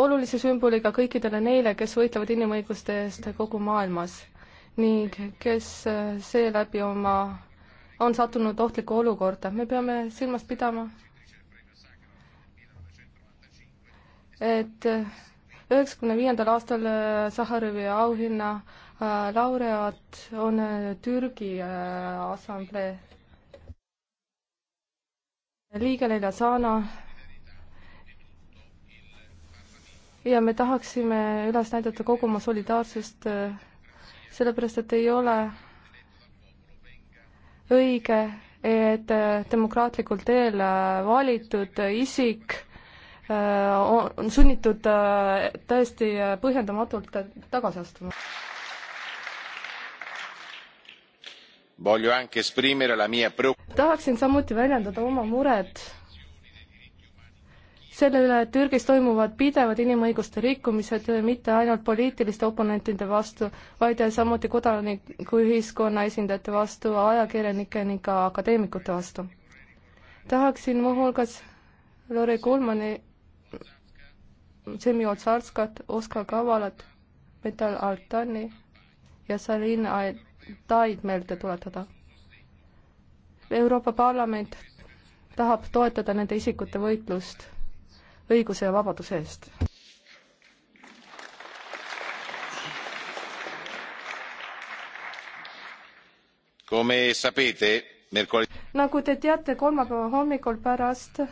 olulise sümboliga kõikidele neile, kes võitlevad inimõiguste eest kogu maailmas ning kes äh, seeläbi oma, on sattunud ohtlikku olukorda. me peame silmas pidama, et üheksakümne viiendal aastal äh, Sahharovi auhinna äh, laureaat on Türgi Assamblee liige Leila Zana, ja me tahaksime üles näidata kogu oma solidaarsust, eh, sellepärast et ei ole õige, et eh, demokraatlikul teel valitud isik eh, on sunnitud täiesti põhjendamatult tagasi astuma. tahaksin samuti väljendada oma muret selle üle, et Türgis toimuvad pidevad inimõiguste rikkumised mitte ainult poliitiliste oponentide vastu, vaid samuti kodanikuühiskonna esindajate vastu, ajakirjanike ning ka akadeemikute vastu. tahaksin muuhulgas Lore Kulmani, Semi Otsarskat, Oskar Kavalat, Metal Altani ja Salin Taid meelde tuletada. Euroopa Parlament tahab toetada nende isikute võitlust õiguse ja vabaduse eest. nagu te teate, kolmapäeva hommikul pärast